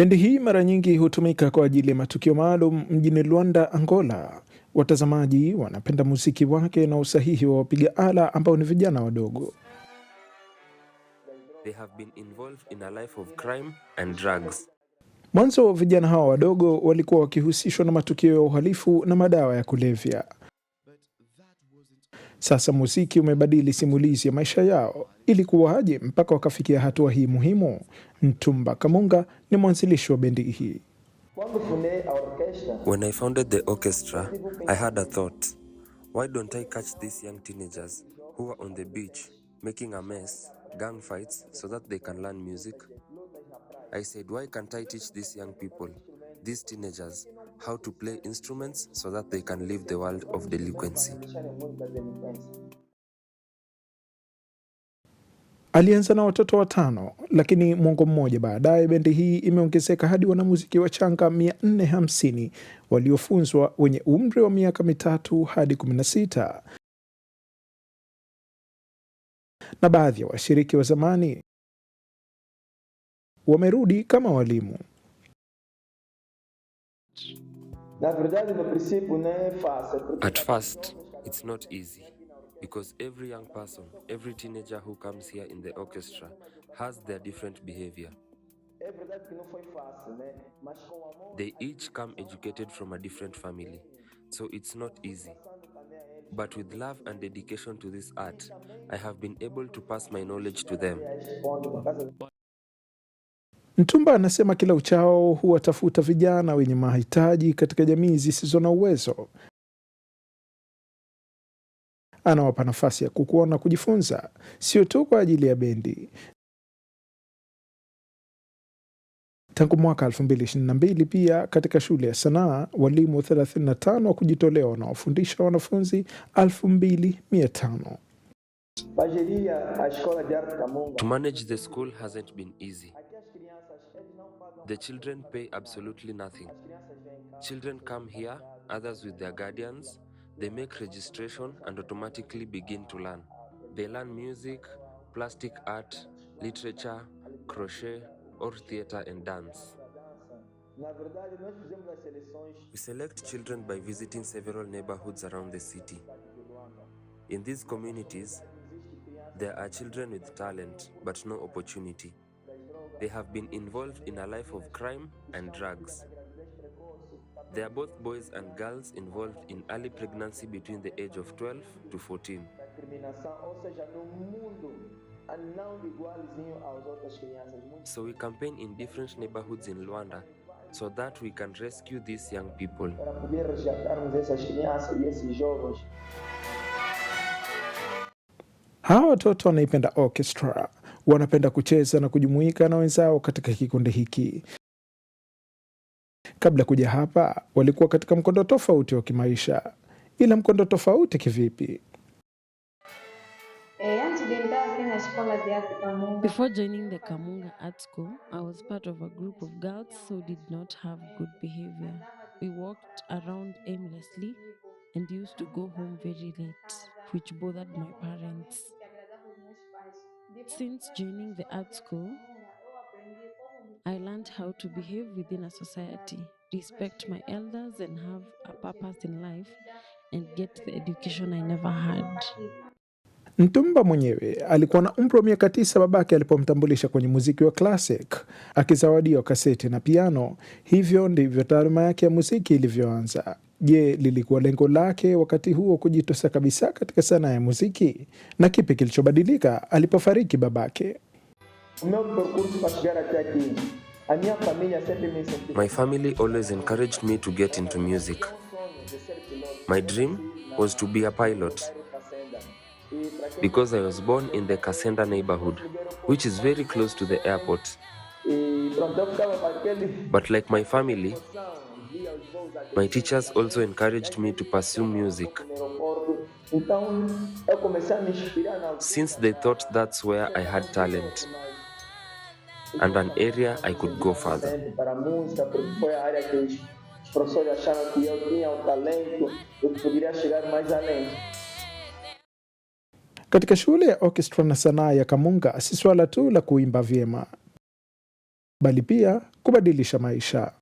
Bendi hii mara nyingi hutumika kwa ajili ya matukio maalum mjini Luanda, Angola. Watazamaji wanapenda muziki wake na usahihi wa wapiga ala ambao ni vijana wadogo. They have been involved in a life of crime and drugs. Mwanzo vijana hawa wadogo walikuwa wakihusishwa na matukio ya uhalifu na madawa ya kulevya. Sasa muziki umebadili simulizi ya maisha yao. Ilikuwaje mpaka wakafikia hatua hii muhimu? Mtumba Kamunga ni mwanzilishi wa bendi hii. When I founded the orchestra, I had a thought. Why don't I catch these young teenagers who are on the beach making a mess, gang fights so that they can learn music? I said, why can't I teach these young people, these teenagers, how to play instruments so that they can leave the world of delinquency? Alianza na watoto watano, lakini mwongo mmoja baadaye bendi hii imeongezeka hadi wanamuziki wachanga 450 waliofunzwa wenye umri wa miaka mitatu hadi 16 na baadhi ya wa washiriki wa zamani wamerudi kama walimu. At first, it's not easy because every young person, every teenager who comes here in the orchestra has their different behavior. They each come educated from a different family, so it's not easy. But with love and dedication to this art, I have been able to pass my knowledge to them. Mtumba anasema kila uchao huwatafuta vijana wenye mahitaji katika jamii zisizo na uwezo anawapa nafasi ya kukua na kujifunza, sio tu kwa ajili ya bendi. Tangu mwaka 2022 pia katika shule ya sanaa walimu 35 wa kujitolea wanaofundisha wanafunzi 2500. To manage the school hasn't been easy. The children pay absolutely nothing. Children come here, others with their guardians, They make registration and automatically begin to learn. They learn music, plastic art, literature, crochet, or theater and dance. We select children by visiting several neighborhoods around the city. In these communities, there are children with talent but no opportunity. They have been involved in a life of crime and drugs. They are both boys and girls involved in early pregnancy between the age of 12 to 14. So we campaign in different neighborhoods in Luanda so that we can rescue these young people. Hawa watoto wanaipenda orchestra, wanapenda kucheza na kujumuika na wenzao katika kikundi hiki kabla kuja hapa walikuwa katika mkondo tofauti wa kimaisha, ila mkondo tofauti kivipi? Eh, Before joining the Kamunga Art School, I was part of a group of girls who did not have good behavior. We walked around aimlessly and used to go home very late, which bothered my parents. Since joining the art school, I learned how to behave within a society, respect my elders, and have a purpose in life and get the education I never had. Mtumba mwenyewe alikuwa na umri wa miaka tisa babake alipomtambulisha kwenye muziki wa classic akizawadiwa kaseti na piano. Hivyo ndivyo taaluma yake ya muziki ilivyoanza. Je, lilikuwa lengo lake wakati huo kujitosa kabisa katika sanaa ya muziki? Na kipi kilichobadilika alipofariki babake? My family always encouraged me to get into music. My dream was to be a pilot because I was born in the Kasenda neighborhood, which is very close to the airport. But like my family, my teachers also encouraged me to pursue music since they thought that's where I had talent and an area I could go further. mais Katika shule ya orchestra na sanaa ya Kamunga si swala tu la kuimba vyema, bali pia kubadilisha maisha.